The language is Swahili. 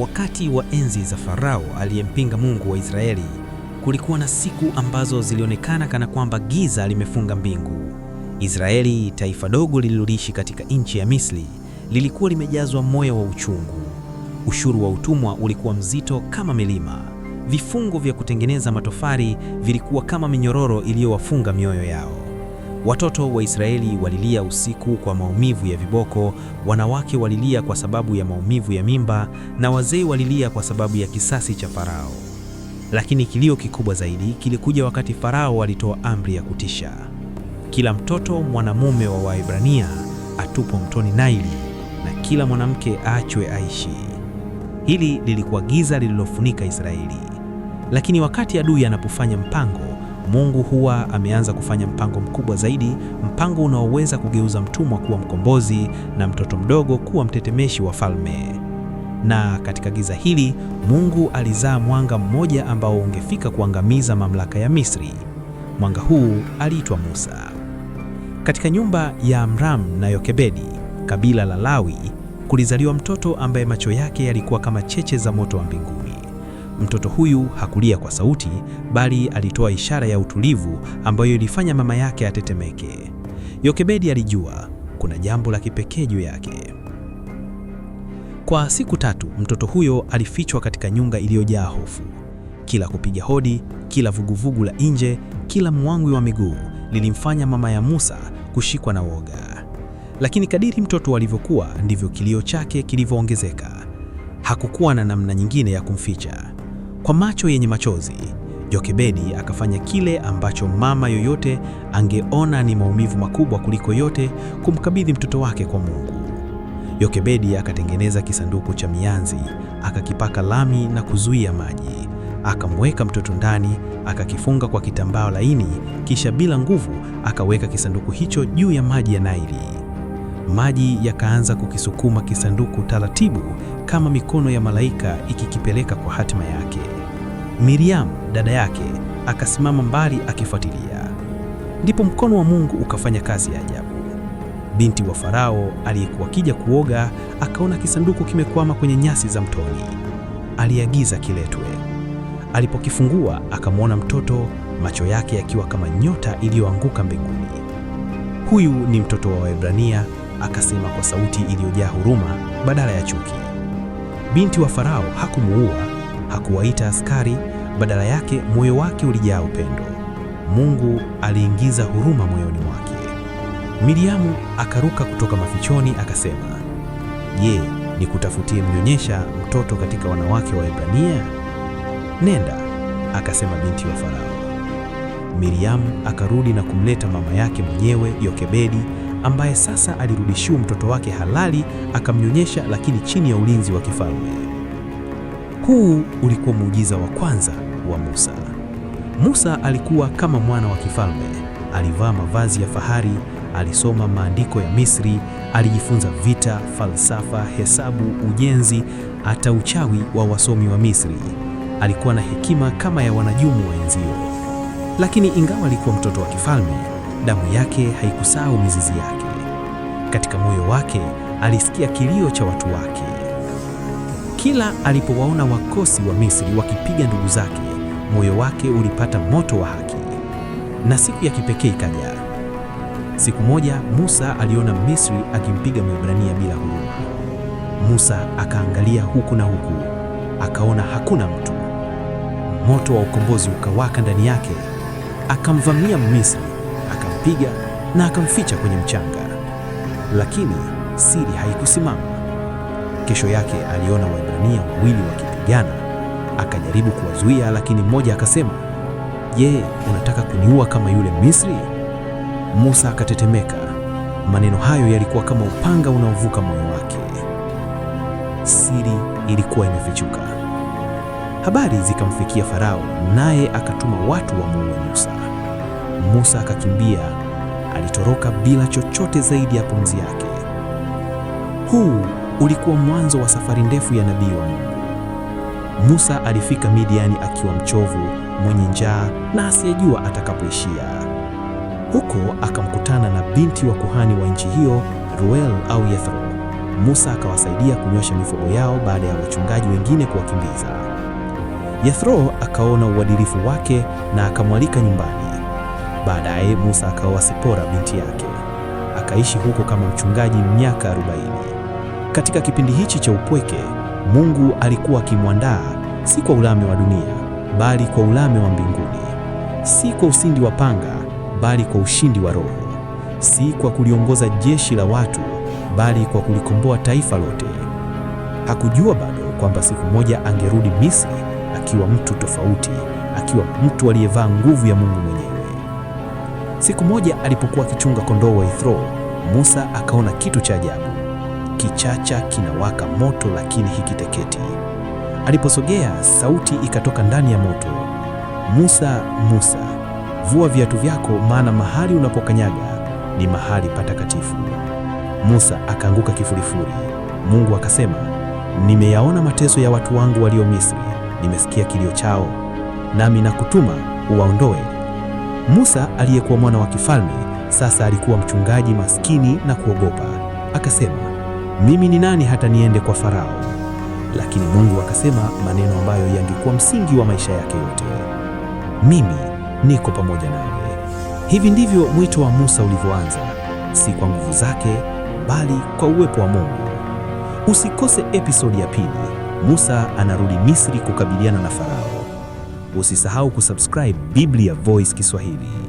Wakati wa enzi za Farao aliyempinga Mungu wa Israeli, kulikuwa na siku ambazo zilionekana kana kwamba giza limefunga mbingu. Israeli, taifa dogo lililoishi katika nchi ya Misri, lilikuwa limejazwa moyo wa uchungu. Ushuru wa utumwa ulikuwa mzito kama milima. Vifungo vya kutengeneza matofali vilikuwa kama minyororo iliyowafunga mioyo yao. Watoto wa Israeli walilia usiku kwa maumivu ya viboko, wanawake walilia kwa sababu ya maumivu ya mimba, na wazee walilia kwa sababu ya kisasi cha Farao. Lakini kilio kikubwa zaidi kilikuja wakati Farao alitoa amri ya kutisha: kila mtoto mwanamume wa Waebrania atupwe mtoni Naili na kila mwanamke aachwe aishi. Hili lilikuwa giza lililofunika Israeli. Lakini wakati adui anapofanya mpango Mungu huwa ameanza kufanya mpango mkubwa zaidi, mpango unaoweza kugeuza mtumwa kuwa mkombozi na mtoto mdogo kuwa mtetemeshi wa falme. Na katika giza hili, Mungu alizaa mwanga mmoja ambao ungefika kuangamiza mamlaka ya Misri. Mwanga huu aliitwa Musa. Katika nyumba ya Amram na Yokebedi, kabila la Lawi, kulizaliwa mtoto ambaye macho yake yalikuwa kama cheche za moto wa mbinguni. Mtoto huyu hakulia kwa sauti, bali alitoa ishara ya utulivu ambayo ilifanya mama yake atetemeke. Yokebedi alijua kuna jambo la kipekee juu yake. Kwa siku tatu, mtoto huyo alifichwa katika nyumba iliyojaa hofu. Kila kupiga hodi, kila vuguvugu la nje, kila mwangwi wa miguu lilimfanya mama ya Musa kushikwa na woga. Lakini kadiri mtoto alivyokuwa, ndivyo kilio chake kilivyoongezeka. Hakukuwa na namna nyingine ya kumficha. Kwa macho yenye machozi, Jokebedi akafanya kile ambacho mama yoyote angeona ni maumivu makubwa kuliko yote, kumkabidhi mtoto wake kwa Mungu. Yokebedi akatengeneza kisanduku cha mianzi, akakipaka lami na kuzuia maji. Akamweka mtoto ndani, akakifunga kwa kitambaa laini, kisha bila nguvu akaweka kisanduku hicho juu ya maji ya Naili. Maji yakaanza kukisukuma kisanduku taratibu, kama mikono ya malaika ikikipeleka kwa hatima yake. Miriam dada yake akasimama mbali akifuatilia. Ndipo mkono wa Mungu ukafanya kazi ya ajabu. Binti wa Farao aliyekuwa akija kuoga akaona kisanduku kimekwama kwenye nyasi za mtoni. Aliagiza kiletwe. Alipokifungua akamwona mtoto, macho yake yakiwa kama nyota iliyoanguka mbinguni. Huyu ni mtoto wa Waebrania akasema kwa sauti iliyojaa huruma badala ya chuki. Binti wa Farao hakumuua, hakuwaita askari, badala yake moyo wake ulijaa upendo. Mungu aliingiza huruma moyoni mwake. Miriamu akaruka kutoka mafichoni akasema, Je, nikutafutie mnyonyesha mtoto katika wanawake wa Ebrania? Nenda, akasema binti wa Farao. Miriamu akarudi na kumleta mama yake mwenyewe Yokebedi ambaye sasa alirudishiwa mtoto wake halali akamnyonyesha, lakini chini ya ulinzi wa kifalme. Huu ulikuwa muujiza wa kwanza wa Musa. Musa alikuwa kama mwana wa kifalme, alivaa mavazi ya fahari, alisoma maandiko ya Misri, alijifunza vita, falsafa, hesabu, ujenzi, hata uchawi wa wasomi wa Misri. Alikuwa na hekima kama ya wanajumu wa enzio. Lakini ingawa alikuwa mtoto wa kifalme damu yake haikusahau mizizi yake. Katika moyo wake alisikia kilio cha watu wake. Kila alipowaona wakosi wa Misri wakipiga ndugu zake, moyo wake ulipata moto wa haki. Na siku ya kipekee ikaja. Siku moja Musa aliona Misri akimpiga Mwebrania bila huruma. Musa akaangalia huku na huku, akaona hakuna mtu. Moto wa ukombozi ukawaka ndani yake, akamvamia Misri akampiga na akamficha kwenye mchanga, lakini siri haikusimama. Kesho yake aliona Waebrania wawili wakipigana, akajaribu kuwazuia, lakini mmoja akasema, Je, unataka kuniua kama yule Misri? Musa akatetemeka. Maneno hayo yalikuwa kama upanga unaovuka moyo wake. Siri ilikuwa imefichuka. Habari zikamfikia Farao, naye akatuma watu wamuue Musa. Musa akakimbia, alitoroka bila chochote zaidi ya pumzi yake. Huu ulikuwa mwanzo wa safari ndefu ya nabii wa Mungu. Musa alifika Midiani akiwa mchovu, mwenye njaa na asiyejua atakapoishia. Huko akamkutana na binti wa kuhani wa nchi hiyo, Ruel au Yethro. Musa akawasaidia kunyosha mifugo yao baada ya wachungaji wengine kuwakimbiza. Yethro akaona uadilifu wake na akamwalika nyumbani. Baadaye Musa akaoa Sipora binti yake, akaishi huko kama mchungaji miaka arobaini. Katika kipindi hichi cha upweke, Mungu alikuwa akimwandaa si kwa ulame wa dunia, bali kwa ulame wa mbinguni; si kwa usindi wa panga, bali kwa ushindi wa Roho; si kwa kuliongoza jeshi la watu, bali kwa kulikomboa taifa lote. Hakujua bado kwamba siku moja angerudi Misri akiwa mtu tofauti, akiwa mtu aliyevaa nguvu ya Mungu mwenyewe. Siku moja alipokuwa akichunga kondoo wa Ithro, Musa akaona kitu cha ajabu. Kichacha kinawaka moto, lakini hikiteketi. Aliposogea, sauti ikatoka ndani ya moto, Musa, Musa, vua viatu vyako, maana mahali unapokanyaga ni mahali patakatifu. Musa akaanguka kifurifuri. Mungu akasema, nimeyaona mateso ya watu wangu walio Misri, nimesikia kilio chao, nami nakutuma uwaondoe Musa aliyekuwa mwana wa kifalme sasa alikuwa mchungaji maskini na kuogopa. Akasema, mimi ni nani hata niende kwa Farao? Lakini Mungu akasema maneno ambayo yangekuwa msingi wa maisha yake yote, mimi niko pamoja nawe. Hivi ndivyo mwito wa Musa ulivyoanza, si kwa nguvu zake, bali kwa uwepo wa Mungu. Usikose episodi ya pili, Musa anarudi Misri kukabiliana na Farao. Usisahau kusubscribe Biblia Voice Kiswahili.